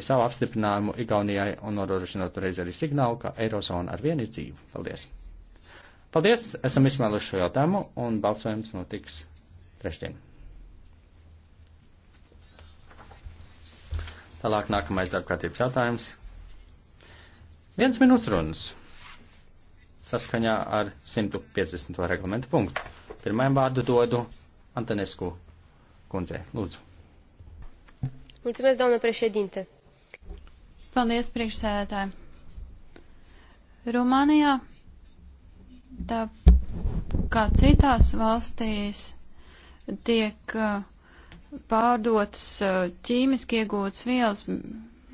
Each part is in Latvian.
savu apstiprinājumu Igaunijai un nodrošinot reiz arī signālu, ka Eirozona ar vienu ir dzīva. Paldies! Paldies! Esam izsmēluši šo jautājumu un balsojums notiks trešdien. Tālāk nākamais darbkārtības jautājums. Viens minūtes runas saskaņā ar 150. reglamentu punktu. Pirmajam vārdu dodu Antonesku kundzei. Lūdzu. Mulțumesc, doamnă președinte Paldies, priekšsēdētāji. Rumānijā, tā kā citās valstīs, tiek uh, pārdotas uh, ķīmiski iegūtas vielas.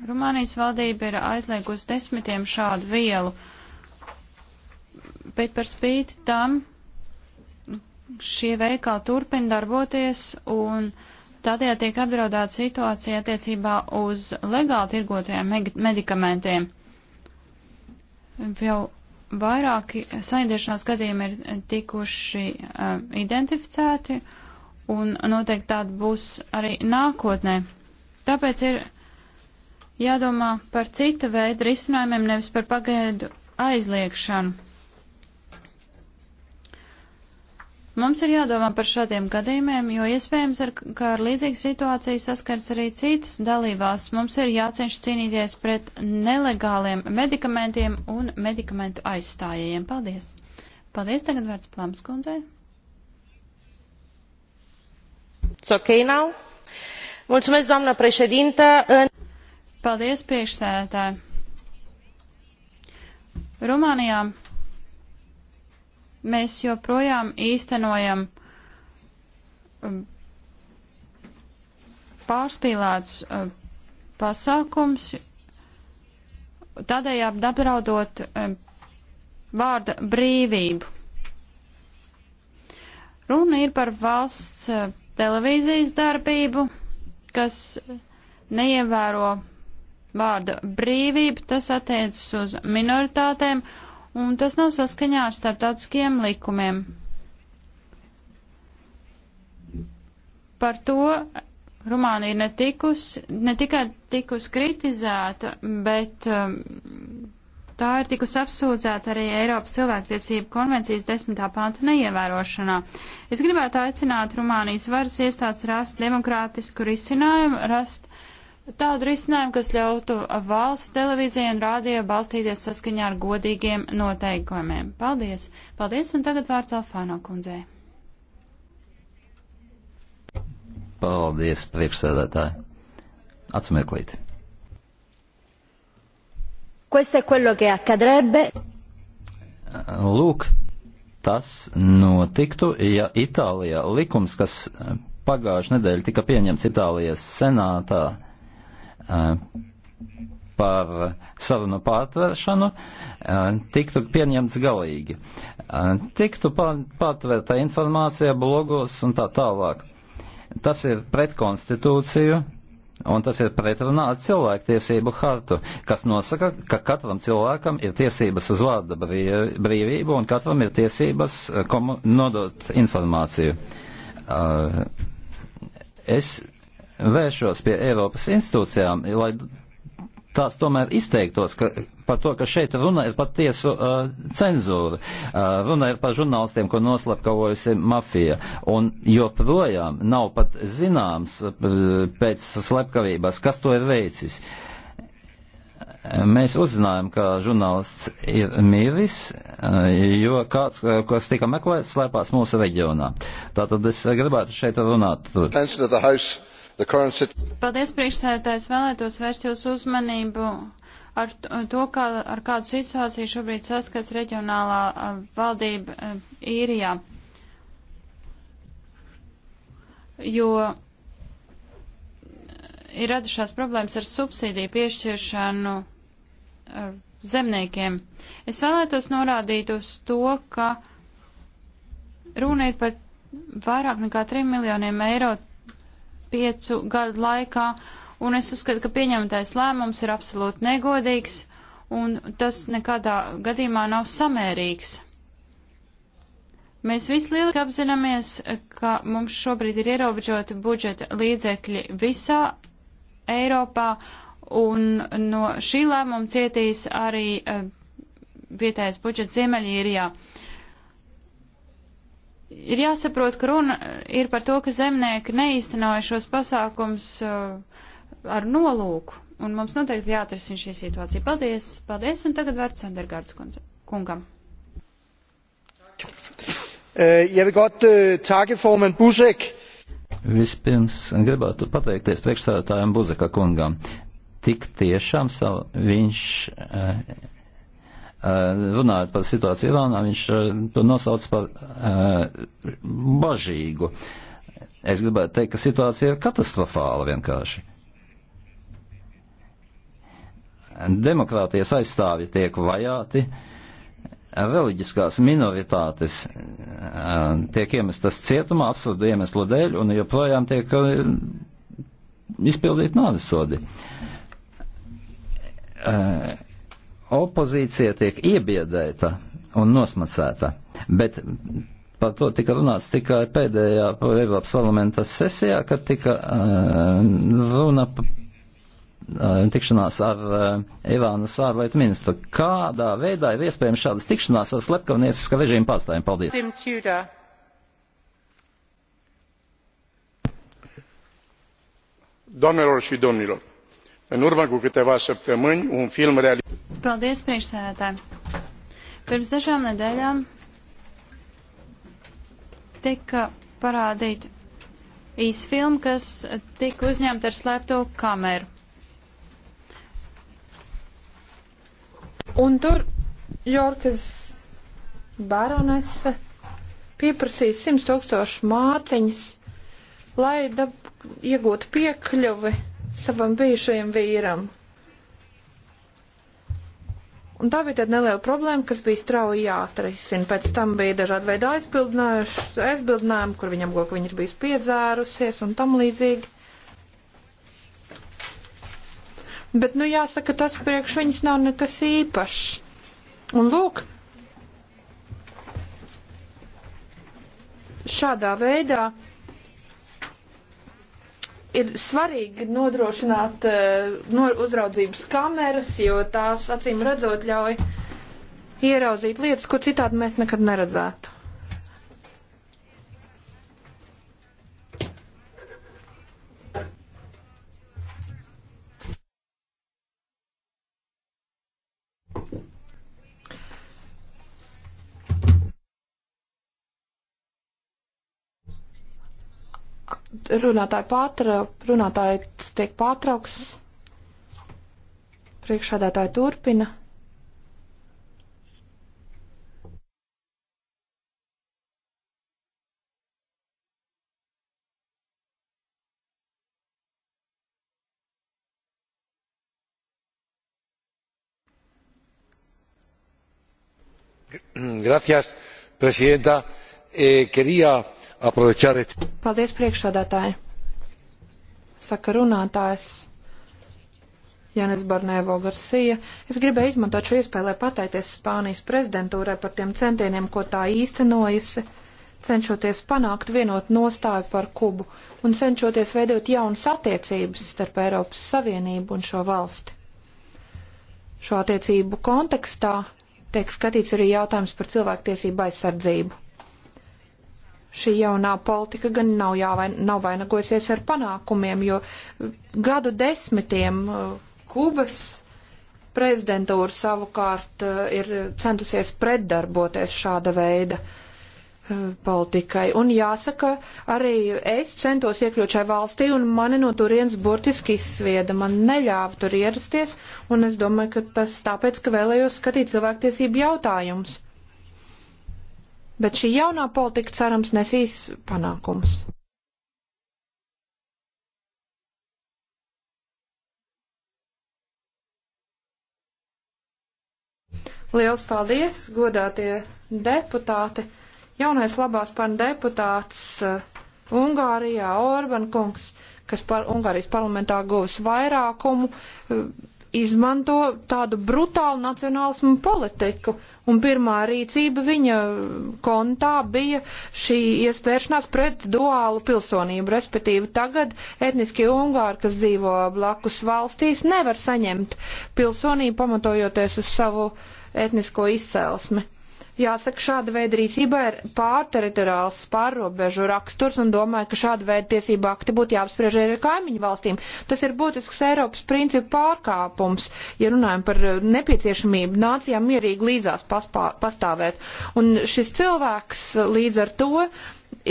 Rumānijas valdība ir aizliegusi desmitiem šādu vielu, bet par spīti tam šie veikali turpina darboties un uh, Tādējādi tiek apdraudēta situācija attiecībā uz legāli tirgotajiem medikamentiem. Jau vairāki saindiešanās gadījumi ir tikuši uh, identificēti, un noteikti tāda būs arī nākotnē. Tāpēc ir jādomā par cita veida risinājumiem, nevis par pagaidu aizliekšanu. Mums ir jādomā par šādiem gadījumiem, jo iespējams, ar, ka ar līdzīgu situāciju saskars arī citas dalībās. Mums ir jācenš cīnīties pret nelegāliem medikamentiem un medikamentu aizstājējiem. Paldies! Paldies, tagad vērts Plams kundzei. Okay Mulțumesc, doamnă președintă. În... Paldies, priekšsēdētāji. Rumānijā mēs joprojām īstenojam um, pārspīlēts um, pasākums, tādējādi apdraudot um, vārda brīvību. Runa ir par valsts uh, televīzijas darbību, kas neievēro vārda brīvību, tas attiecas uz minoritātēm un tas nav saskaņā ar starptautiskiem likumiem. Par to Rumānija ne, tikus, ne tikai tikus kritizēta, bet um, tā ir tikus apsūdzēta arī Eiropas cilvēktiesību konvencijas desmitā panta neievērošanā. Es gribētu aicināt Rumānijas varas iestādes rast demokrātisku risinājumu, rast tādu risinājumu, kas ļautu valsts televīzijai un rādījai balstīties saskaņā ar godīgiem noteikumiem. Paldies! Paldies, un tagad vārds Alfāno kundzei. Paldies, priekšsēdētāji! Atsmeklīt! Questo è quello che accadrebbe. Lūk, tas notiktu, ja Itālijā likums, kas pagājušajā nedēļā tika pieņemts Itālijas senātā, Eh, par sarunu pārtveršanu eh, tiktu pieņemts galīgi. Eh, tiktu pārtverta informācija blogos un tā tālāk. Tas ir pret konstitūciju. Un tas ir pretrunā ar cilvēktiesību hartu, kas nosaka, ka katram cilvēkam ir tiesības uz vārda brīvību un katram ir tiesības komu, nodot informāciju. Es vēršos pie Eiropas institūcijām, lai tās tomēr izteiktos ka, par to, ka šeit runa ir par tiesu uh, cenzūru. Uh, runa ir par žurnālistiem, ko noslapkavojusi mafija. Un joprojām nav pat zināms uh, pēc slepkavības, kas to ir veicis. Mēs uzzinājām, ka žurnālists ir mīlis, uh, jo kāds, kas tika meklēts, slēpās mūsu reģionā. Tātad es gribētu šeit runāt. Tur. Paldies, priekšsēdētājs. Vēlētos vērst jūsu uzmanību ar to, kā, ar kādu situāciju šobrīd saskas reģionālā valdība īrijā. Jo ir radušās problēmas ar subsīdiju piešķiršanu zemniekiem. Es vēlētos norādīt uz to, ka runa ir par vairāk nekā 3 miljoniem eiro piecu gadu laikā, un es uzskatu, ka pieņemtais lēmums ir absolūti negodīgs, un tas nekādā gadījumā nav samērīgs. Mēs visi lieliski apzināmies, ka mums šobrīd ir ierobežoti budžeta līdzekļi visā Eiropā, un no šī lēmuma cietīs arī eh, vietējais budžets Ziemeļīrijā. Ja ir jāsaprot, ka runa ir par to, ka zemnieki neīstenoja šos pasākums uh, ar nolūku, un mums noteikti jāatrisina šī situācija. Paldies, paldies, un tagad vērts Sandergārds kungam. Eh, jeg vil godt uh, takke formand Busek. Vispirms gribētu pateikties priekšstādātājiem Buzeka kungam. Tik tiešām savu, viņš uh, Eh, runājot par situāciju Irānā, viņš eh, to nosauc par eh, bažīgu. Es gribētu teikt, ka situācija ir katastrofāla vienkārši. Demokrātijas aizstāvji tiek vajāti, reliģiskās minoritātes tiek iemestas cietumā absurdu iemeslu dēļ un joprojām tiek izpildīt nāvisodi. Uh, opozīcija tiek iebiedēta un nosmacēta, bet par to tika runāts tikai pēdējā Eiropas parlamenta sesijā, kad tika uh, runa eh, tikšanās ar uh, Irānas ārlietu ministru. Kādā veidā ir iespējams šādas tikšanās ar slepkavnieciska režīma pārstāvjiem? Paldies! Tim Tudor. Doamnelor și domnilor, în urmă cu câteva săptămâni, un film realizat. Paldies, priekšsēdētāji. Pirms dažām nedēļām tika parādīta īsfilma, kas tika uzņemta ar slēpto kameru. Un tur Jorkas baronese pieprasīja 100 tūkstošu māciņas, lai dab, iegūtu piekļuvi savam bijušajam vīram, Un tā bija tāda neliela problēma, kas bija strauji jāatrisina. Pēc tam bija dažādi veidi aizbildinājumi, kur viņam goka viņa ir bijusi piedzērusies un tam līdzīgi. Bet, nu, jāsaka, tas priekš viņas nav nekas īpašs. Un lūk, šādā veidā ir svarīgi nodrošināt eh, no uzraudzības kameras, jo tās acīm redzot ļauj ieraudzīt lietas, ko citādi mēs nekad neredzētu. runātāji pārtrauk, runātājs tiek pārtrauks, priekšādātāji turpina. señora presidenta Eh, quería aprovechar este. Paldies, priekšsādātāji. Saka runātājs Janis Barnēvo Garcija. Es gribēju izmantot šo iespēju, lai pateikties Spānijas prezidentūrai par tiem centieniem, ko tā īstenojusi, cenšoties panākt vienotu nostāju par Kubu un cenšoties veidot jaunas attiecības starp Eiropas Savienību un šo valsti. Šo attiecību kontekstā tiek skatīts arī jautājums par cilvēktiesību aizsardzību šī jaunā politika gan nav, jāvai, nav vainagosies ar panākumiem, jo gadu desmitiem uh, Kubas prezidentūra savukārt uh, ir centusies pretdarboties šāda veida uh, politikai. Un jāsaka, arī es centos iekļūt šai valstī, un mani no turienes burtiski izsvieda. Man neļāva tur ierasties, un es domāju, ka tas tāpēc, ka vēlējos skatīt cilvēktiesību jautājumus bet šī jaunā politika cerams nesīs panākumus. Liels paldies, godātie deputāti! Jaunais labās pan deputāts uh, Ungārijā Orban kungs, kas par Ungārijas parlamentā guvis vairākumu, uh, izmanto tādu brutālu nacionālismu politiku. Uh, Un pirmā rīcība viņa kontā bija šī iestvēršanās pret duālu pilsonību, respektīvi tagad etniskie ungāri, kas dzīvo blakus valstīs, nevar saņemt pilsonību pamatojoties uz savu etnisko izcelsmi. Jāsaka, šāda veida rīcībā ir pārteritoriāls pārrobežu raksturs un domāju, ka šāda veida tiesība akti būtu jāapspriež arī ar kaimiņu valstīm. Tas ir būtisks Eiropas principu pārkāpums, ja runājam par nepieciešamību nācijām mierīgi līdzās paspā, pastāvēt. Un šis cilvēks līdz ar to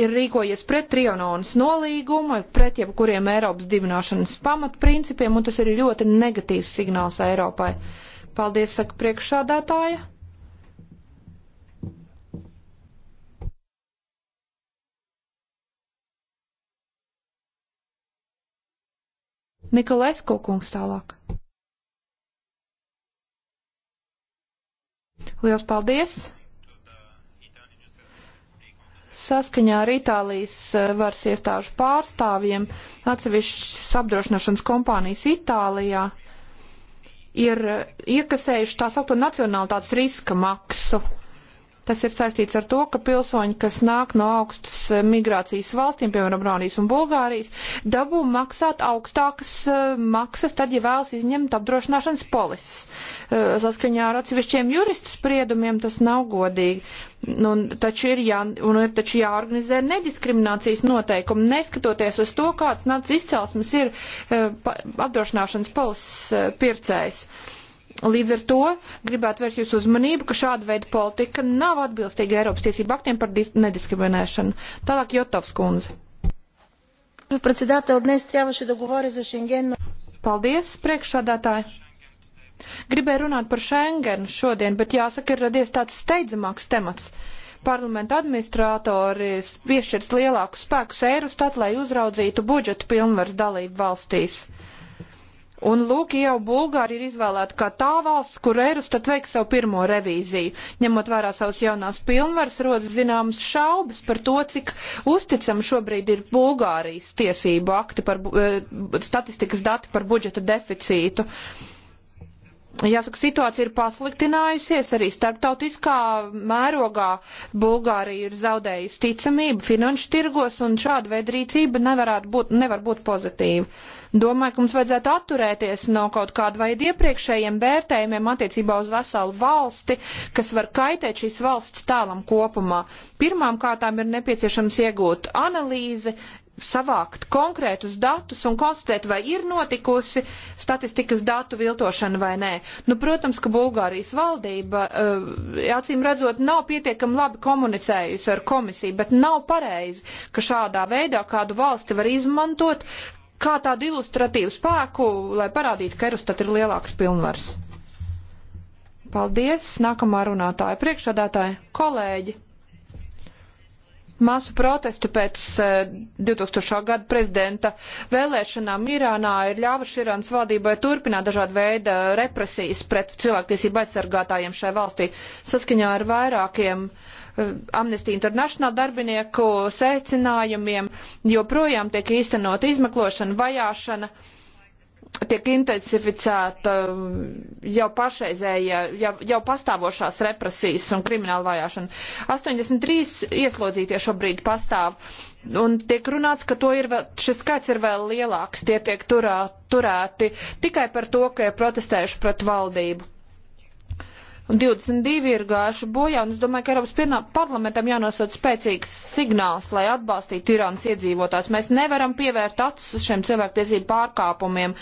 ir rīkojies pret Triononas nolīgumu, pret jebkuriem Eiropas dibināšanas pamatprincipiem, un tas ir ļoti negatīvs signāls Eiropai. Paldies, saka priekšsādātāja. Nikolaisko kungs tālāk. Liels paldies! Saskaņā ar Itālijas eh, varas iestāžu pārstāvjiem atsevišķas apdrošināšanas kompānijas Itālijā ir eh, iekasējuši tā saucamo nacionālitātes riska maksu Tas ir saistīts ar to, ka pilsoņi, kas nāk no augstas eh, migrācijas valstīm, piemēram, Rumānijas un Bulgārijas, dabū maksāt augstākas eh, maksas, tad, ja vēlas izņemt apdrošināšanas polises. Eh, saskaņā ar atsevišķiem juristu spriedumiem tas nav godīgi. Nu, taču ir, jā, un ir taču jāorganizē nediskriminācijas noteikumi, neskatoties uz to, kāds nāc izcelsmes ir apdrošināšanas polises pircējs. Uh, Līdz ar to gribētu vērst jūsu uzmanību, ka šāda veida politika nav atbilstīga Eiropas tiesību aktiem par nediskriminēšanu. Tālāk Jotovs kundze. Paldies, priekšsādātāji. Gribēju runāt par Schengenu šodien, bet jāsaka, ir radies tāds steidzamāks temats parlamenta administratori piešķirs lielāku spēku Eirostat, lai uzraudzītu budžeta pilnvaras dalību valstīs. Un lūk, jau Bulgārija ir izvēlēta kā tā valsts, kur Eirostat veiks savu pirmo revīziju. Ņemot vērā savus jaunās pilnvaras, rodas zināmas šaubas par to, cik uzticam šobrīd ir Bulgārijas tiesību akti par eh, statistikas dati par budžeta deficītu. Uh, Jāsaka, situācija ir pasliktinājusies arī starptautiskā mērogā. Bulgārija ir zaudējusi ticamību finanšu tirgos, un šāda veida rīcība nevarētu būt, nevar būt pozitīva. Domāju, ka mums vajadzētu atturēties no kaut kāda veida iepriekšējiem vērtējumiem attiecībā uz veselu valsti, kas var kaitēt šīs valsts tēlam kopumā. Pirmām kārtām ir nepieciešams iegūt analīzi, savākt konkrētus datus un konstatēt, vai ir notikusi statistikas datu viltošana vai nē. Nu, protams, ka Bulgārijas valdība, eh, acīm redzot, nav pietiekami labi komunicējusi ar komisiju, bet nav pareizi, ka šādā veidā kādu valsti var izmantot kā tādu ilustratīvu spēku, lai parādītu, ka Erustat ir lielāks pilnvars. Paldies, nākamā runātāja priekšādātāja, kolēģi! Masu protesti pēc 2000. Eh, gada prezidenta vēlēšanām Irānā ir ļāvuši Irānas valdībai turpināt dažādu veidu eh, represijas pret cilvēktiesību aizsargātājiem šai valstī. Saskaņā ar vairākiem eh, Amnesty International darbinieku secinājumiem joprojām tiek īstenot izmeklošana, vajāšana tiek intensificēta um, jau pašreizēja, jau, jau pastāvošās represijas un krimināla vajāšana. 83 ieslodzītie šobrīd pastāv, un tiek runāts, ka ir vēl, šis skaits ir vēl lielāks. Tie tiek turā, turēti tikai par to, ka ir protestējuši pret valdību. 22 ir gājuši bojā, un es domāju, ka Eiropas pienā, parlamentam jānosūt spēcīgs signāls, lai atbalstītu Irānas iedzīvotājs. Mēs nevaram pievērt acis šiem cilvēktiesību pārkāpumiem,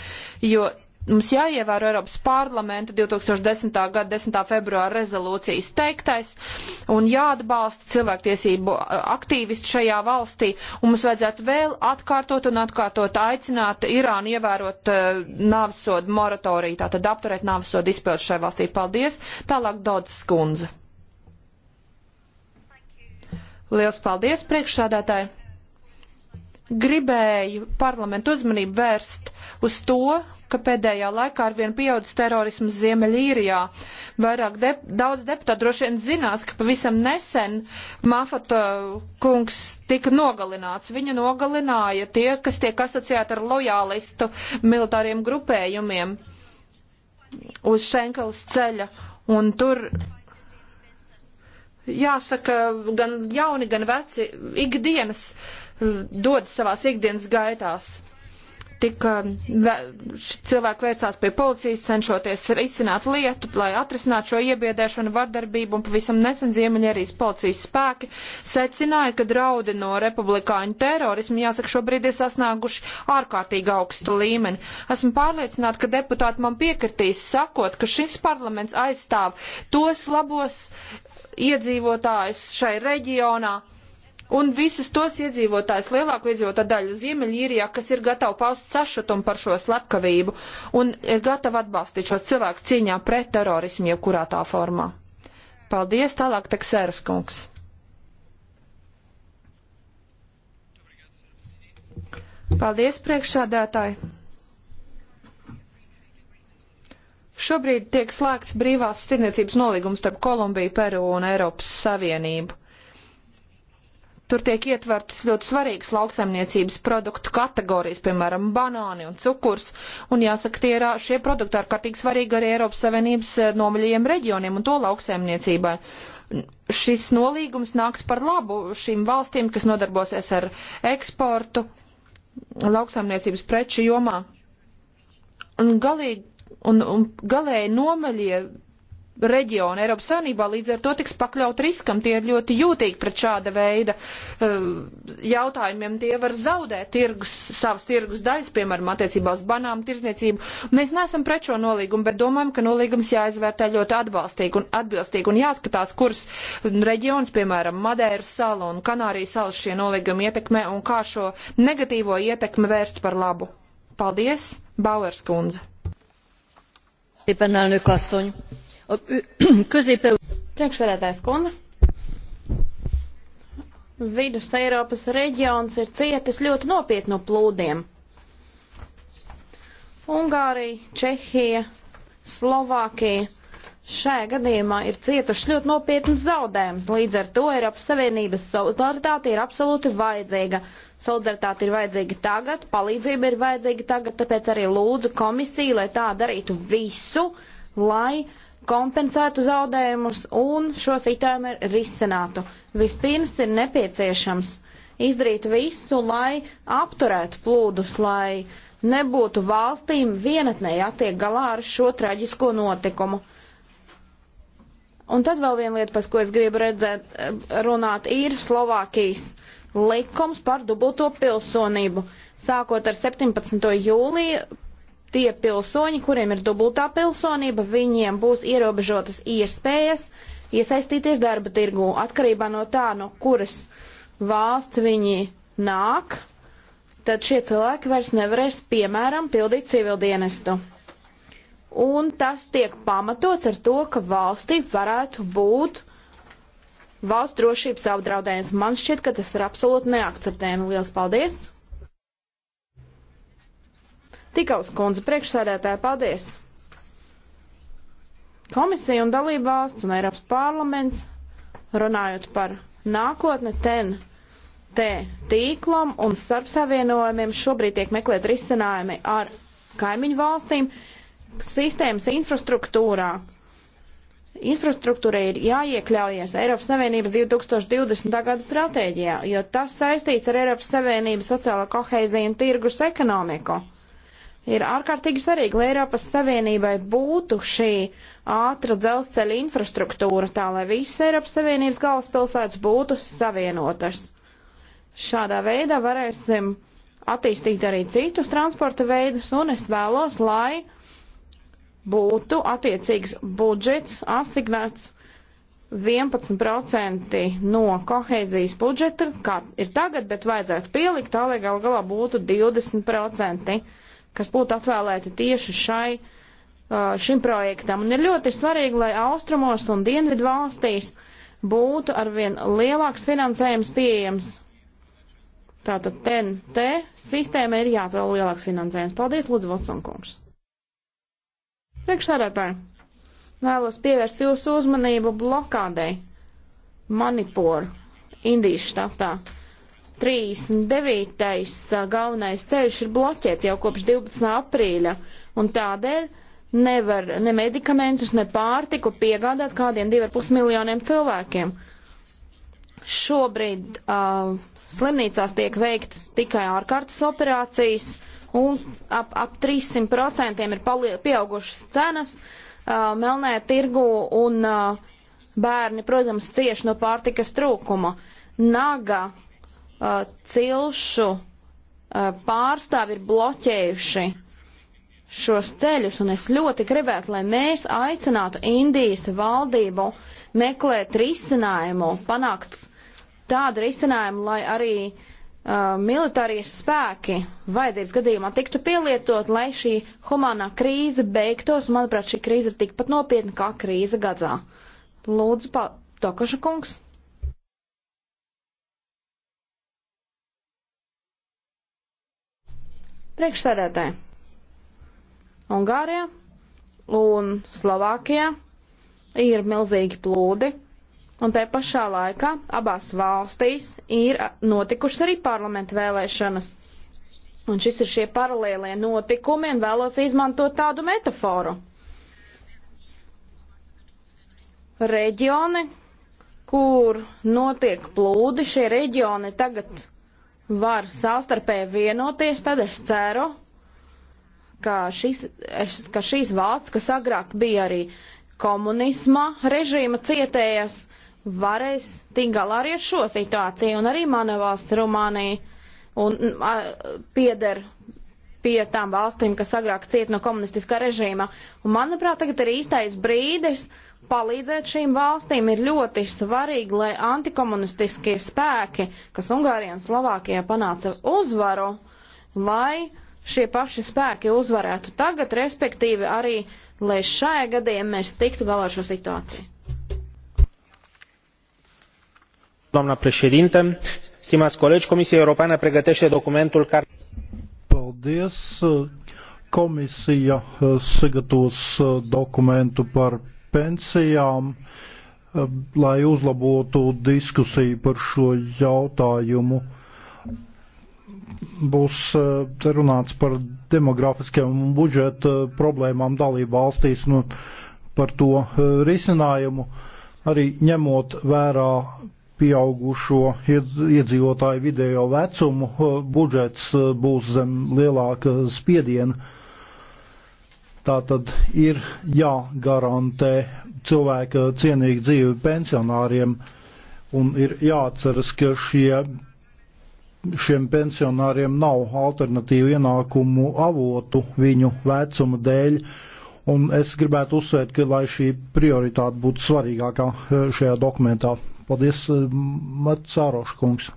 jo mums jāievēro Eiropas parlamenta 2010. gada 10. februāra rezolūcijas teiktais un jāatbalsta cilvēktiesību aktīvisti šajā valstī. Un mums vajadzētu vēl atkārtot un atkārtot aicināt Irānu ievērot uh, nāvisodu moratoriju, tātad apturēt nāvisodu izpildu šajā valstī. Paldies! Tālāk daudz skundze. Liels paldies, priekšsādātāji! Gribēju parlamentu uzmanību vērst uz to, ka pēdējā laikā arvien pieaudzis terorisms Ziemeļīrijā. Vairāk de daudz deputātu droši vien zinās, ka pavisam nesen Mafata kungs tika nogalināts. Viņa nogalināja tie, kas tiek asociēti ar lojālistu militāriem grupējumiem uz Šenkelas ceļa. Un tur jāsaka, gan jauni, gan veci ikdienas mm, dod savās ikdienas gaitās tika cilvēki vērsās pie policijas, cenšoties izsināt lietu, lai atrisinātu šo iebiedēšanu, vardarbību, un pavisam nesen Ziemeļērijas policijas spēki secināja, ka draudi no republikāņu terorismu, jāsaka, šobrīd ir sasnāguši ārkārtīgi augstu līmeni. Esmu pārliecināta, ka deputāti man piekritīs, sakot, ka šis parlaments aizstāv tos labos iedzīvotājus šai reģionā, un visus tos iedzīvotājus, lielāko iedzīvotāju daļu Ziemeļīrijā, kas ir gatavi paust sašutumu par šo slepkavību un ir gatavi atbalstīt šo cilvēku cīņā pret terorismu jebkurā tā formā. Paldies, tālāk teksēras kungs. Paldies, priekšsādātāji. Šobrīd tiek slēgts brīvās tirniecības nolīgums starp Kolumbiju, Peru un Eiropas Savienību. Tur tiek ietvertas ļoti svarīgas lauksaimniecības produktu kategorijas, piemēram, banāni un cukurs. Un jāsaka, tie ir, šie produkti ir kārtīgi svarīgi arī Eiropas Savienības eh, nomaļajiem reģioniem un to lauksaimniecībai šis nolīgums nāks par labu šīm valstīm, kas nodarbosies ar eksportu lauksaimniecības preču jomā. Un galīgi, un, un galēji nomaļie reģioni Eiropas Savienībā līdz ar to tiks pakļaut riskam. Tie ir ļoti jūtīgi pret šāda veida eh, jautājumiem. Tie var zaudēt tirgus, savas tirgus daļas, piemēram, attiecībā uz banām tirzniecību. Mēs neesam pret šo nolīgumu, bet domājam, ka nolīgums jāizvērtē ļoti atbalstīgi un atbilstīgi un jāskatās, kuras reģions, piemēram, Madeiras sala un Kanārijas salas šie nolīgumi ietekmē un kā šo negatīvo ietekmi vērst par labu. Paldies, Bauerskundze! Éppen elnök asszony! közép... Priekšsēdētājs kundze. Vidus Eiropas reģions ir cietis ļoti nopietnu plūdiem. Ungārija, Čehija, Slovākija šajā gadījumā ir cietušas ļoti nopietnas zaudējumas. Līdz ar to Eiropas Savienības solidaritāte ir absolūti vajadzīga. Solidaritāte ir vajadzīga tagad, palīdzība ir vajadzīga tagad, tāpēc arī lūdzu komisiju, lai tā darītu visu, lai uh, kompensētu zaudējumus un šo situājumu risinātu. Vispirms ir nepieciešams izdarīt visu, lai apturētu plūdus, lai nebūtu valstīm vienatnē jātiek galā ar šo traģisko notikumu. Un tad vēl viena lieta, par ko es gribu redzēt, runāt, ir Slovākijas likums par dubulto pilsonību. Sākot ar 17. jūliju tie pilsoņi, kuriem ir dubultā pilsonība, viņiem būs ierobežotas iespējas iesaistīties darba tirgū atkarībā no tā, no kuras valsts viņi nāk, tad šie cilvēki vairs nevarēs, piemēram, pildīt civildienestu. Un tas tiek pamatots ar to, ka valstī varētu būt valsts drošības apdraudējums. Man šķiet, ka tas ir absolūti neakceptējami. Lielas paldies! Tikaus kundze, priekšsēdētāja, paldies! Komisija un dalība valsts un Eiropas parlaments runājot par nākotni ten, te tīklam un starp savienojumiem šobrīd tiek meklēt risinājumi ar kaimiņu valstīm sistēmas infrastruktūrā. Infrastruktūra ir jāiekļaujas Eiropas Savienības 2020. gada stratēģijā, jo tas saistīts ar Eiropas Savienības sociālo koheiziju un tirgus ekonomiku. Uh, Ir ārkārtīgi svarīgi, lai Eiropas Savienībai būtu šī ātra dzelzceļa infrastruktūra, tā lai visas Eiropas Savienības galvaspilsētas būtu savienotas. Šādā veidā varēsim attīstīt arī citus transporta veidus, un es vēlos, lai būtu attiecīgs budžets asignēts 11% no kohēzijas budžeta, kā ir tagad, bet vajadzētu pielikt tā, lai gal galā būtu 20% kas būtu atvēlēti tieši šai, uh, šim projektam. Un ir ļoti svarīgi, lai austrumos un dienvidu valstīs būtu arvien lielāks finansējums pieejams. Tātad TNT sistēma ir jāatvēl lielāks finansējums. Paldies, Lūdzu, Votsonkungs. Priekšsēdētāji, vēlos pievērst jūsu uzmanību blokādei Manipur, Indijas štatā. 39. galvenais ceļš ir bloķēts jau kopš 12. aprīļa, un tādēļ nevar ne medikamentus, ne pārtiku piegādāt kādiem 2,5 miljoniem cilvēkiem. Šobrīd uh, slimnīcās tiek veiktas tikai ārkārtas operācijas, un ap, ap 300% ir pieaugušas cenas uh, melnē tirgu, un uh, bērni, protams, cieši no pārtikas trūkuma. Naga uh, cilšu uh, pārstāvi ir bloķējuši šos ceļus, un es ļoti gribētu, lai mēs aicinātu Indijas valdību meklēt risinājumu, panākt tādu risinājumu, lai arī uh, militārie spēki vajadzības gadījumā tiktu pielietot, lai šī humanā krīze beigtos. Manuprāt, šī krīze ir tikpat nopietna kā krīze Gazā. Lūdzu, pa, Tokaša kungs. priekšsēdētāji. Ungārijā un Slovākijā ir milzīgi plūdi, un te pašā laikā abās valstīs ir notikušas arī parlamenta vēlēšanas. Un šis ir šie paralēlie notikumi, un vēlos izmantot tādu metaforu. Reģioni, kur notiek plūdi, šie reģioni tagad var savstarpēji vienoties, tad es ceru, ka, šis, es, ka šīs valsts, kas agrāk bija arī komunisma režīma cietējas, varēs tikt galā arī ar šo situāciju. Un arī mana valsts, Rumānija, un, a, pieder pie tām valstīm, kas agrāk ciet no komunistiskā režīma. Un, manuprāt, tagad ir īstais brīdis palīdzēt šīm valstīm. Ir ļoti svarīgi, lai antikomunistiskie spēki, kas Ungārijā un Slovākijā panāca uzvaru, lai šie paši spēki uzvarētu tagad, respektīvi arī, lai šajā gadījumā mēs tiktu galā ar šo situāciju. Doamna președinte, stimați colegi, Comisia Europeană pregătește documentul care... Paldies! Komisija eh, sagatavos eh, dokumentu par pensijām, eh, lai uzlabotu diskusiju par šo jautājumu. Būs eh, runāts par demografiskiem un budžeta problēmām dalību valstīs un nu, par to eh, risinājumu, arī ņemot vērā pieaugušo iedzīvotāju vidējo vecumu, budžets būs zem lielāka spiediena. Tā tad ir jāgarantē cilvēka cienīga dzīve pensionāriem un ir jāatceras, ka šie, šiem pensionāriem nav alternatīvu ienākumu avotu viņu vecuma dēļ. Un es gribētu uzsvērt, ka lai šī prioritāte būtu svarīgākā e, šajā dokumentā. Paldies, e, Mats Sāroškungs.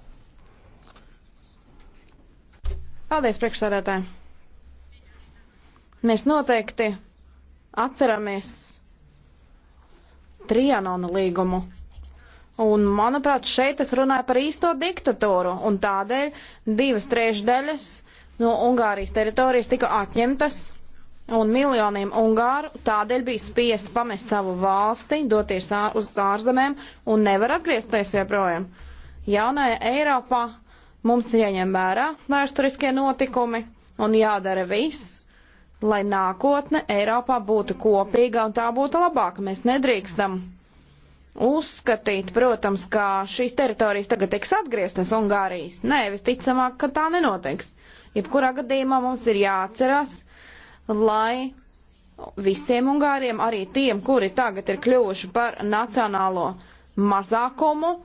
Paldies, priekšsēdētāji. Mēs noteikti atceramies Trianonu līgumu. Un, manuprāt, šeit es runāju par īsto diktatūru, un tādēļ divas trešdaļas no Ungārijas teritorijas tika atņemtas, un miljoniem Ungāru tādēļ bija spiest pamest savu valsti, doties ār, uz ārzemēm un nevar atgriezties joprojām. Jaunajā Eiropā mums ir jāņem vērā vēsturiskie notikumi un jādara viss, lai nākotne Eiropā būtu kopīga un tā būtu labāka. Mēs nedrīkstam uzskatīt, protams, ka šīs teritorijas tagad tiks atgrieztas Ungārijas. Nē, visticamāk, ka tā nenotiks. Jebkurā gadījumā mums ir jāatcerās, lai visiem Ungāriem, arī tiem, kuri tagad ir kļuvuši par nacionālo mazākumu,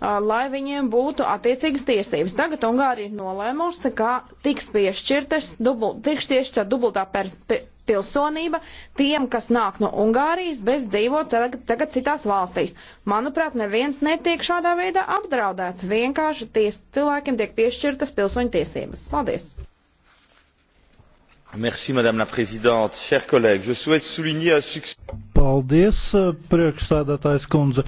lai viņiem būtu attiecīgas tiesības. Tagad Ungārija ir nolēmusi, ka tiks piešķirtas dubul, tiks piešķirta dubultā per, pe, pilsonība tiem, kas nāk no Ungārijas, bez dzīvo tagad, tagad citās valstīs. Manuprāt, neviens netiek šādā veidā apdraudēts. Vienkārši ties, cilvēkiem tiek piešķirtas pilsoņu tiesības. Paldies! Merci, Madame la Présidente. Chers collègues, je souhaite souligner un succès. Paldies, priekšsēdētājs kundze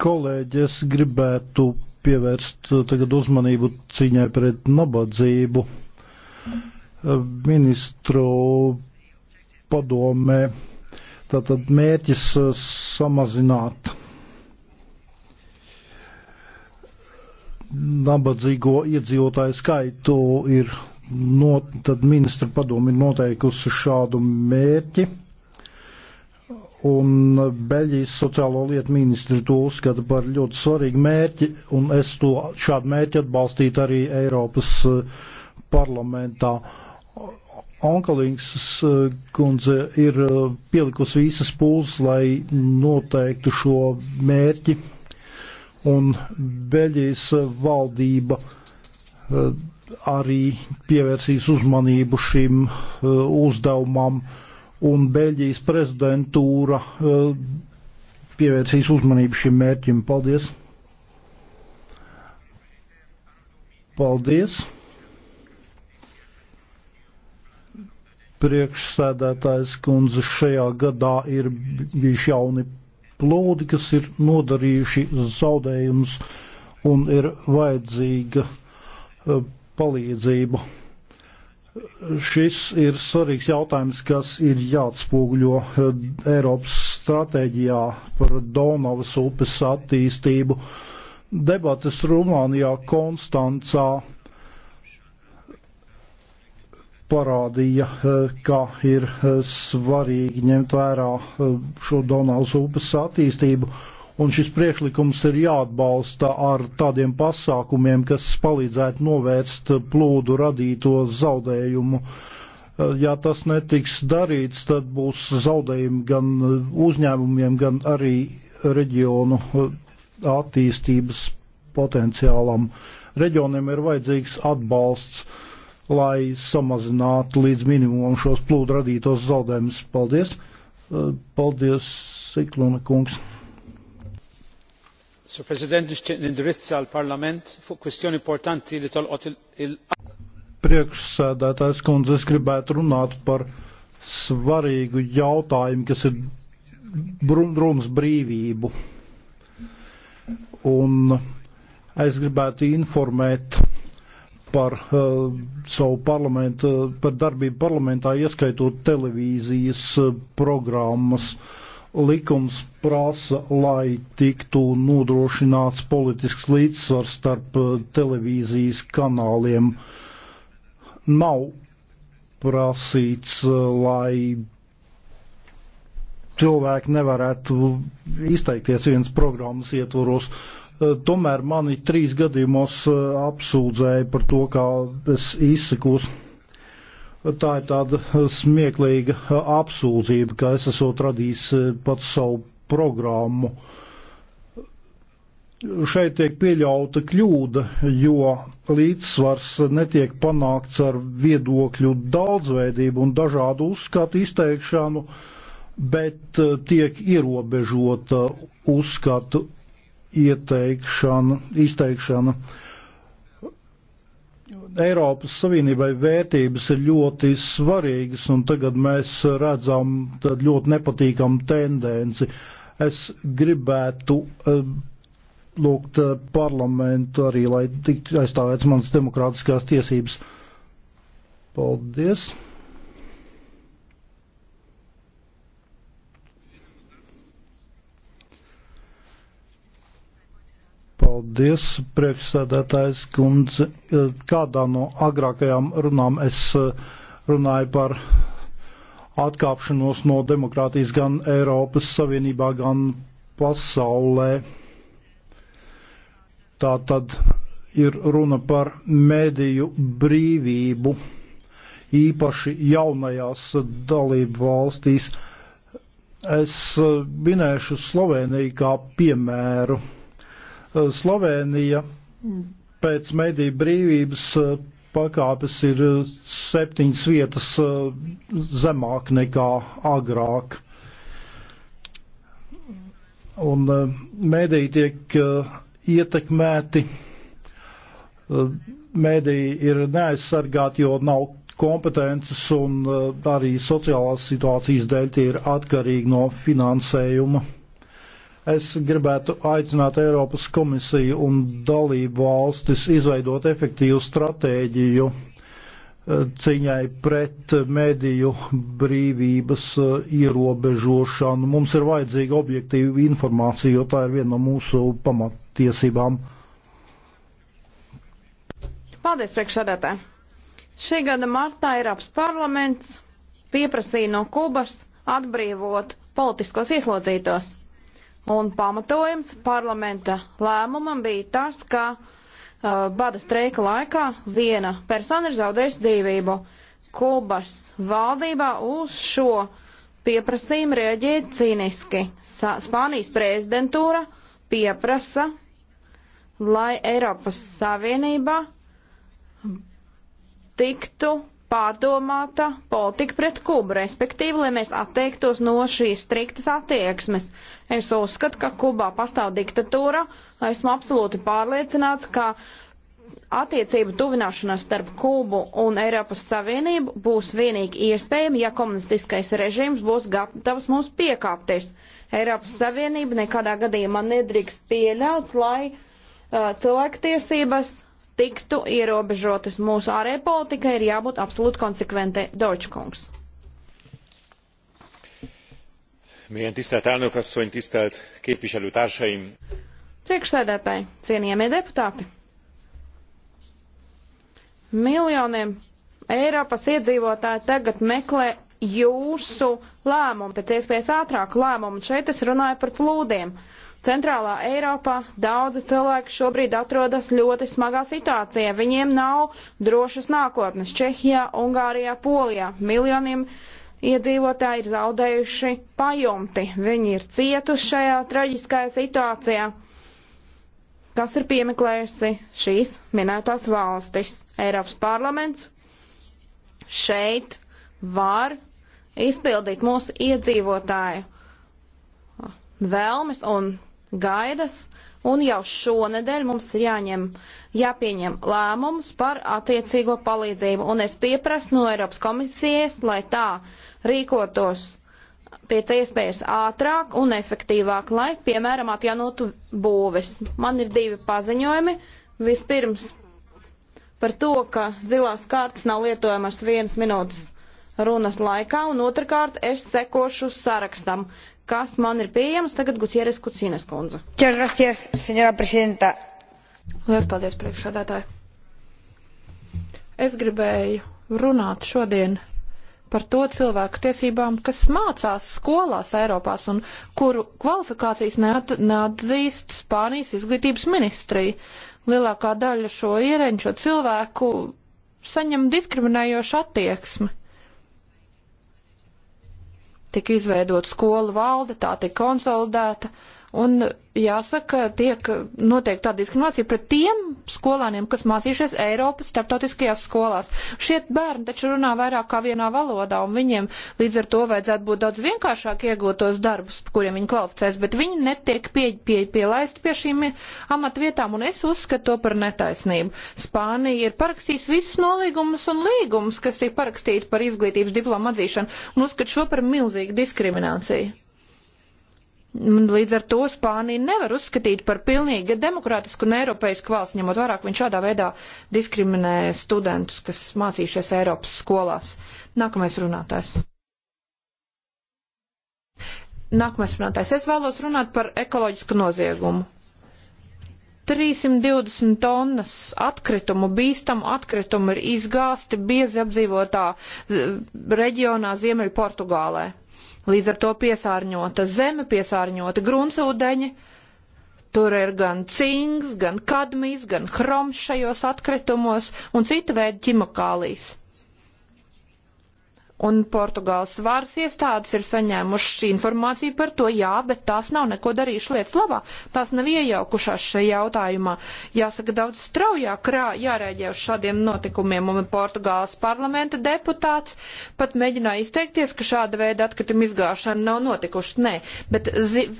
kolēģi, es gribētu pievērst uh, tagad uzmanību cīņai pret nabadzību. Uh, ministru padomē tātad mērķis uh, samazināt nabadzīgo iedzīvotāju skaitu ir, not, tad ministra padomi ir noteikusi šādu mērķi un Beļģijas sociālo lietu ministri to uzskata par ļoti svarīgu mērķi, un es to šādu mērķi atbalstītu arī Eiropas eh, parlamentā. Onkalīngas eh, kundze ir eh, pielikusi visas pūles, lai noteiktu šo mērķi, un Beļģijas valdība arī pievērsīs uzmanību šim uzdevumam. Uh, un Beļģijas prezidentūra eh, pievērsīs uzmanību šim mērķim. Paldies! Paldies! Priekšsēdētājs kundze šajā gadā ir bijuši jauni plūdi, kas ir nodarījuši zaudējumus un ir vajadzīga eh, palīdzība. Šis ir svarīgs jautājums, kas ir jāatspoguļo eh, Eiropas stratēģijā par Donavas upes attīstību. Debates Rumānijā, Konstancā parādīja, eh, ka ir eh, svarīgi ņemt vērā šo Donavas upes attīstību un šis priekšlikums ir jāatbalsta ar tādiem pasākumiem, kas palīdzētu novērst plūdu radīto zaudējumu. Ja tas netiks darīts, tad būs zaudējumi gan uzņēmumiem, gan arī reģionu attīstības potenciālam. Reģioniem ir vajadzīgs atbalsts, lai samazinātu līdz minimumam šos plūdu radītos zaudējumus. Paldies! Paldies, Siklona kungs! Sur President, nixtieq nindirizza l-Parlament fuq kwistjoni importanti li tolqot il- Priekšsēdētājs kundze, es gribētu runāt par svarīgu jautājumu, kas ir runas brīvību. Un es gribētu informēt par uh, savu parlamentu, par darbību parlamentā, ieskaitot televīzijas uh, programmas. Uh, likums prasa, lai tiktu nodrošināts politisks līdzsvars starp eh, televīzijas kanāliem. Nav prasīts, eh, lai cilvēki nevarētu izteikties viens programmas ietvaros. Eh, tomēr mani trīs gadījumos apsūdzēja par to, kā es izsakos Tā ir tāda smieklīga apsūdzība, ka es esmu radījis eh, pats savu programmu. Šeit tiek pieļauta kļūda, jo līdzsvars netiek panākts ar viedokļu daudzveidību un dažādu uzskatu izteikšanu, bet eh, tiek ierobežota uzskatu ieteikšana, izteikšana. Uh, Eiropas Savienībai vērtības ir ļoti svarīgas, un tagad mēs redzam ļoti nepatīkamu tendenci. Es gribētu eh, lūgt eh, parlamentu arī, lai tiktu aizstāvēts manas demokrātiskās tiesības. Paldies! Paldies, priekšsēdētājs kundze. E, kādā no agrākajām runām es e, runāju par atkāpšanos no demokrātijas gan Eiropas Savienībā, gan pasaulē. Tā tad ir runa par mediju brīvību, īpaši jaunajās dalību valstīs. Es e, minēšu Sloveniju kā piemēru. Eh, Slovenija pēc mediju brīvības eh, pakāpes ir eh, septiņas vietas zemāk nekā agrāk. Un mediji tiek ietekmēti, mediji ir neaizsargāti, jo nav kompetences un arī sociālās situācijas dēļ tie ir atkarīgi no finansējuma. Es gribētu aicināt Eiropas komisiju un dalību valstis izveidot efektīvu stratēģiju eh, cīņai pret mediju brīvības eh, ierobežošanu. Mums ir vajadzīga objektīva informācija, jo tā ir viena no mūsu pamattiesībām. Paldies, priekšsādātāji! Šī gada martā Eiropas parlaments pieprasīja no Kubas atbrīvot politiskos ieslodzītos. Un pamatojums parlamenta lēmumam bija tas, ka uh, bada streika laikā viena persona ir zaudējusi dzīvību. Kubas valdībā uz šo pieprasījumu rēģēja cīniski. Sa Spānijas prezidentūra pieprasa, lai Eiropas Savienībā tiktu pārdomāta politika pret Kubu, respektīvi, lai mēs atteiktos no šīs striktas attieksmes. Es uzskatu, ka Kubā pastāv diktatūra, esmu absolūti pārliecināts, ka attiecību tuvināšanās starp Kubu un Eiropas Savienību būs vienīgi iespējama, ja komunistiskais režīms būs gatavs mums piekāpties. Eiropas Savienība nekādā gadījumā nedrīkst pieļaut, lai uh, cilvēktiesības tiktu ierobežotas mūsu ārē politika, ir jābūt absolūti konsekventai Dočkungs. Milyen tisztelt elnök asszony, tisztelt képviselőtársaim! Priekšsēdētāji, cienījamie deputāti! Miljoniem Eiropas iedzīvotāji tagad meklē jūsu lēmumu, pēc iespējas ātrāku lēmumu, un šeit es runāju par plūdiem. Uh, Centrālā Eiropā daudzi cilvēki šobrīd atrodas ļoti smagā situācijā. Viņiem nav drošas nākotnes. Čehijā, Ungārijā, Polijā miljoniem iedzīvotāji ir zaudējuši pajumti. Viņi ir cietuši šajā traģiskajā situācijā, kas ir piemeklējusi šīs minētās valstis. Eiropas parlaments šeit var izpildīt mūsu iedzīvotāju vēlmes un gaidas, un jau šonedēļ mums ir jāņem, jāpieņem lēmums par attiecīgo palīdzību, un es pieprasu no Eiropas komisijas, lai tā rīkotos pēc iespējas ātrāk un efektīvāk, lai, piemēram, atjaunotu būvis. Man ir divi paziņojumi. Vispirms par to, ka zilās kārtas nav lietojamas vienas minūtes runas laikā, un otrkārt es sekošu sarakstam kas man ir pieejams. Tagad Gutieres Kucīnes kundze. Gracias, senora prezidenta. Lielas paldies, priekšsādātāji. Es gribēju runāt šodien par to cilvēku tiesībām, kas mācās skolās Eiropās un kuru kvalifikācijas neat, neatzīst Spānijas izglītības ministrija. Lielākā daļa šo iereņšo cilvēku saņem diskriminējošu attieksmi tika izveidota skolu valde, tā tika konsolidēta, Un jāsaka, tiek notiek tā diskriminācija pret tiem skolāniem, kas mācījušies Eiropas starptautiskajās skolās. Šie bērni taču runā vairāk kā vienā valodā, un viņiem līdz ar to vajadzētu būt daudz vienkāršāk iegūtos darbus, kuriem viņi kvalificēs, bet viņi netiek pie, pie, pielaisti pie šīm amatvietām, un es uzskatu to par netaisnību. Spānija ir parakstījusi visus nolīgumus un līgumus, kas ir parakstīti par izglītības diplomu atzīšanu, un uzskatu šo par milzīgu diskrimināciju. Līdz ar to Spāniju nevar uzskatīt par pilnīgi demokrātisku un eiropeisku valsts, ņemot vairāk viņš šādā veidā diskriminē studentus, kas mācījušies Eiropas skolās. Nākamais runātājs. Nākamais runātājs. Es vēlos runāt par ekoloģisku noziegumu. 320 tonnas atkritumu, bīstamu atkritumu ir izgāsti biezi apdzīvotā reģionā Ziemeļ Portugālē Līdz ar to piesārņota zeme, piesārņota gruntsūdeņi. Tur ir gan cings, gan kadmijs, gan chroms šajos atkritumos un cita veida ķimikālijas un Portugāles varas iestādes ir saņēmušas informāciju par to, jā, bet tās nav neko darījuši lietas labā, tās nav iejaukušās šajā jautājumā. Jāsaka, daudz straujāk jārēģē uz šādiem notikumiem, un Portugāles parlamenta deputāts pat mēģināja izteikties, ka šāda veida atkrituma izgāšana nav notikuši. Nē, bet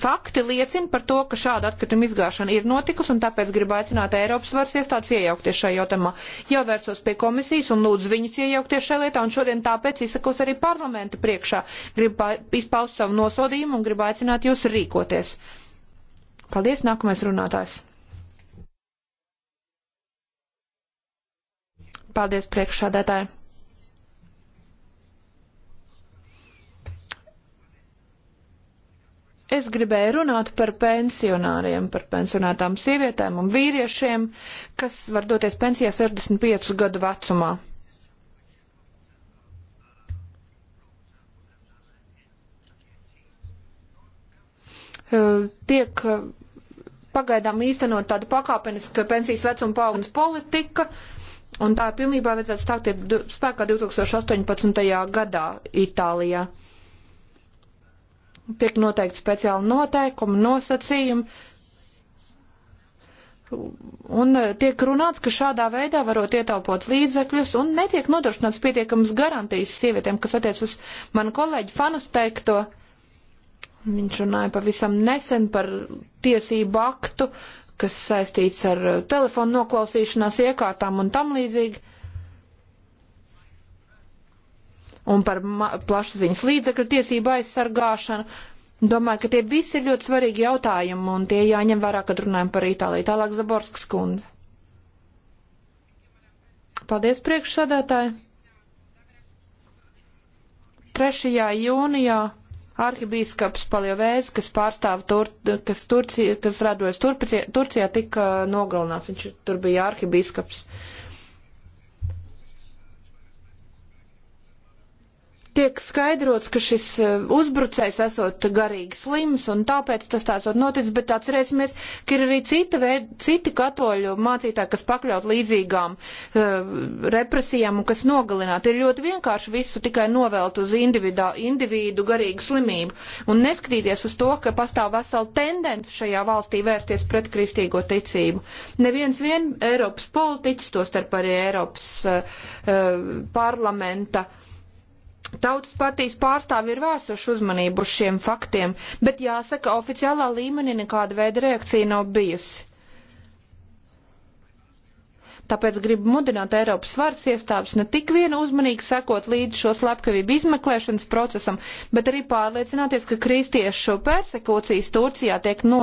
fakti liecina par to, ka šāda atkrituma izgāšana ir notikusi, un tāpēc gribu aicināt Eiropas varas iestādes iejaukties šajā jautājumā. Jau vērsos pie komisijas un lūdzu viņus iejaukties šajā lietā, un šodien tāpēc izsakos izsakos arī parlamenta priekšā. Gribu izpaust savu nosodījumu un gribu aicināt jūs rīkoties. Paldies, nākamais runātājs. Paldies, priekšsādētāji. es gribēju runāt par pensionāriem, par pensionētām sievietēm un vīriešiem, kas var doties pensijā 65 gadu vecumā. tiek pagaidām īstenot tāda pakāpeniska pensijas vecuma paaugnes politika, un tā pilnībā vajadzētu stāties spēkā 2018. gadā Itālijā. Tiek noteikti speciāli noteikumi, nosacījumi, un tiek runāts, ka šādā veidā varot ietaupot līdzekļus, un netiek nodrošināts pietiekamas garantijas sievietēm, kas attiec uz manu kolēģi Fanus teikto. Uh, Viņš runāja pavisam nesen par tiesību aktu, kas saistīts ar uh, telefonu noklausīšanās iekārtām un tam līdzīgi. Un par plašsaziņas līdzekļu tiesību aizsargāšanu. Domāju, ka tie visi ir ļoti svarīgi jautājumi un tie jāņem vērā, kad runājam par Itāliju. Tālāk Zaborskas kundze. Paldies priekšsādātāji. 3. jūnijā arhibīskaps Paljavēs, kas pārstāv tur, kas, Turcija, kas radojas Turcija, Turcijā, tika nogalināts. Viņš tur bija arhibīskaps. Uh, tiek skaidrots, ka šis eh, uzbrucējs esot garīgi slims un tāpēc tas tā esot noticis, bet atcerēsimies, ka ir arī cita veida, citi katoļu mācītāji, kas pakļaut līdzīgām uh, represijām un kas nogalināti. Ir ļoti vienkārši visu tikai novelt uz individu, individu garīgu slimību un neskatīties uz to, ka pastāv vesela tendence šajā valstī vērsties pret kristīgo ticību. Neviens vien Eiropas politiķis, to starp arī Eiropas uh, uh, parlamenta uh, Tautas partijas pārstāvi ir vērsuši uzmanību uz šiem faktiem, bet jāsaka, oficiālā līmenī nekāda veida reakcija nav bijusi. Tāpēc gribu mudināt Eiropas varas iestādes ne tik vienu uzmanīgi sekot līdz šo slepkavību izmeklēšanas procesam, bet arī pārliecināties, ka kristiešu persekūcijas Turcijā tiek no,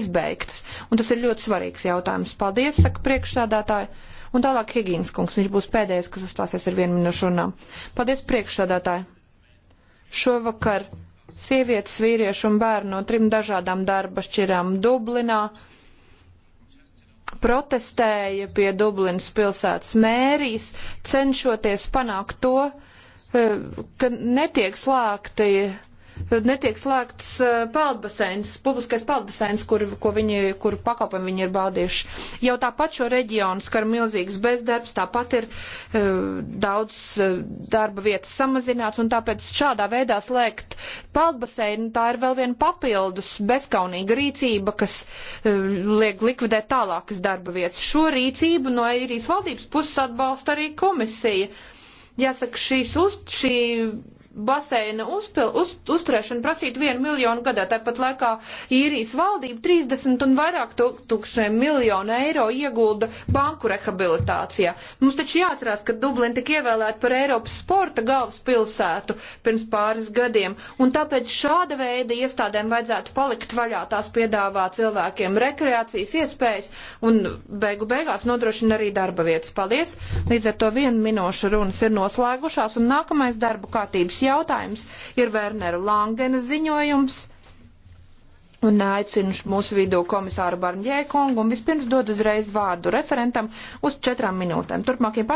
izbeigtas. Un tas ir ļoti svarīgs jautājums. Paldies, saka priekšsādātāji. Un tālāk Higīns kungs, viņš būs pēdējais, kas uzstāsies ar vienu minūšu runām. Paldies priekšsādātāji. Šovakar sievietes, vīrieši un bērni no trim dažādām darba šķirām Dublinā protestēja pie Dublinas pilsētas mērijas, cenšoties panākt to, eh, ka netiek slēgti netiek slēgts uh, peldbaseins, publiskais peldbaseins, kur, ko viņi, kur pakalpojumi viņi ir baudījuši. Jau tāpat šo reģionu skar milzīgs bezdarbs, tāpat ir uh, daudz uh, darba vietas samazināts, un tāpēc šādā veidā slēgt peldbaseinu, tā ir vēl viena papildus bezkaunīga rīcība, kas uh, liek likvidēt tālākas darba vietas. Šo rīcību no īrijas valdības puses atbalsta arī komisija. Jāsaka, šīs uz, šī baseina uzpil, uz, uzturēšanu prasītu vienu miljonu gadā. Tāpat laikā īrijas valdība 30 un vairāk tūkstošiem miljonu eiro iegulda banku rehabilitācijā. Mums taču jāatcerās, ka Dublina tika ievēlēta par Eiropas sporta galvaspilsētu pirms pāris gadiem, un tāpēc šāda veida iestādēm vajadzētu palikt vaļā tās piedāvā cilvēkiem rekreācijas iespējas un beigu beigās nodrošina arī darba vietas. Paldies! Līdz ar to vienu minūšu runas ir noslēgušās un nākamais darbu kārtības Savienības jautājums, ir Wernera Langena ziņojums. Un aicinu mūsu vidū komisāru Barņē kungu un vispirms dod uzreiz vārdu referentam uz četrām minūtēm. Turpmākie